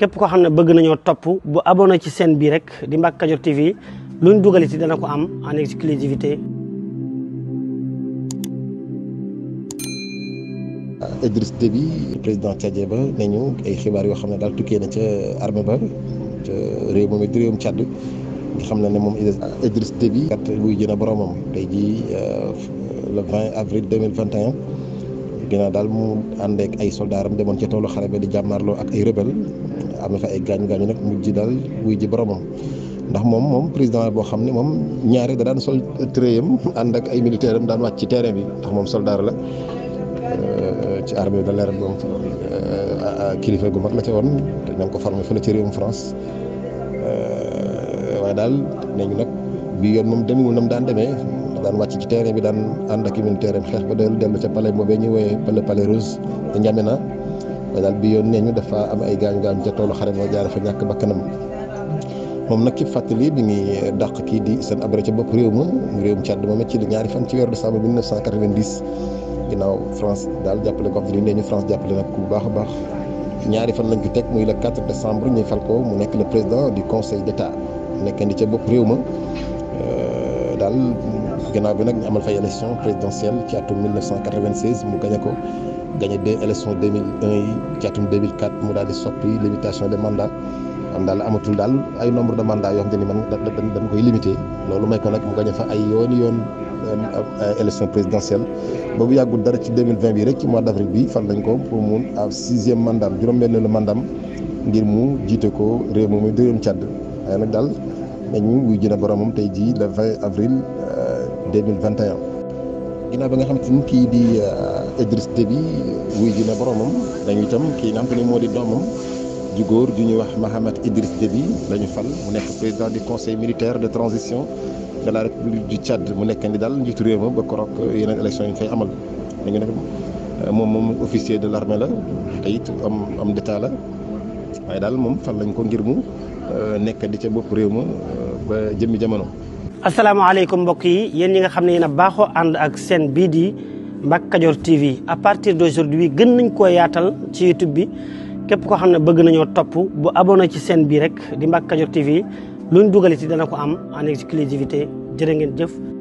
képp koo xam ne bëgg nañoo topp bu abonné ci seen bii rek di Mbacke Kadior TV luñ dugal ci dana ko am en exclusivité Idriss Déby président Tchadien ba nañu ay xibaar yoo xam ne daal tukkee na ca armée ba ca réew moom it réewum Tchad nga xam na ne moom Idriss Déby kat buy jën a boromam tey jii euh, le 20 avril 2021 ginnaaw daal mu ànd ak ay soldaaram demoon ca toolu xare ba di jàmmaarloo ak ay rebelle am na fa ay gaañu gaañu nag mujj daal wuy ji boromam. ndax moom moom président boo xam ne moom ñaare da daan sol tréyam ànd ak ay militaire am daan wàcc ci terrain bi ndax moom soldaar la euh, ci armée euh, kilifa gu mag la ca woon te ña ngi ko formé fële ci réewum France euh, waaye daal nañu nag bi yoon moom demewul nam daan demee. daan wàcc ci terrain bi daan ànd ak militaire xeex ba dellu dellu ca palais boobee ñu woowee palais palais rouge te N'Djamena waaye daal bi yoon nee ñu dafa am ay gaañ gaañ ca toolu xare ba jaare fa ñàkk bakkanam moom nag ci fàttali bi ngi dàq kii di seen abré ci bopp réew ma réewum Tchad moom ci di ñaari fan ci weeru décembre 1990 ginnaaw France daal ko xam ne ñu France jàppale nag baax a baax ñaari fan lañ ko teg muy le 4 décembre ñuy fal ko mu nekk le président du conseil d' état nekkandi ca bopp réew ma euh, daal. gannaaw bi nag ñu amal fay élection présidentielle ci atum 1996 mu gañe ko gañe deux élection 2001 yi ci atum mu daal di soppi limitation des mandats am daal amatul daal ay nombre de mandats yoo xam te ni man dañ koy limité loolu may ko nag mu gañe fa ay yooni yoon euh, euh, élection présidentielle boobu yàggul dara ci 2020 bi rek ci mois d' avril bi fan lañ ko pour mu à sixième mandat juróom-benneelu mandat ngir mu jiite ko réew moom muy dëréem Tchad waaye nag daal nañu wuy jën jii le 20 avril euh, 2021 ginnaaw bi nga xam te ni kii di euh, Idriss Déby euh, wuy ji na boromam dañu itam kii nga xam te ni moo di doomam ju góor ju ñuy wax Mahammed Idriss Déby la ñu fal mu nekk président du conseil militaire de transition de la république du Tchad mu nekk ni daal njiitu réew ma ba korok yeneen élection yi ñu fay amal dañu nekk moom moom officier de l'armée la te it am am d'état la waaye daal moom fal lañ ko ngir mu euh, nekk di ca bopp réew ma ba jëmmi jamono asalaamaaleykum mbokk yi yéen yi nga xam ne yéen a baaxoo ànd ak seen bii di mbag Kadior TV à partir d'aujourd'hui gën nañ ko yaatal ci YouTube bi képp koo xam ne bëgg nañoo topp bu abonné ci seen bii rek di Mbacke Kadior TV luñ dugal ci dana ko am en exclusivité jërë ngeen jëf.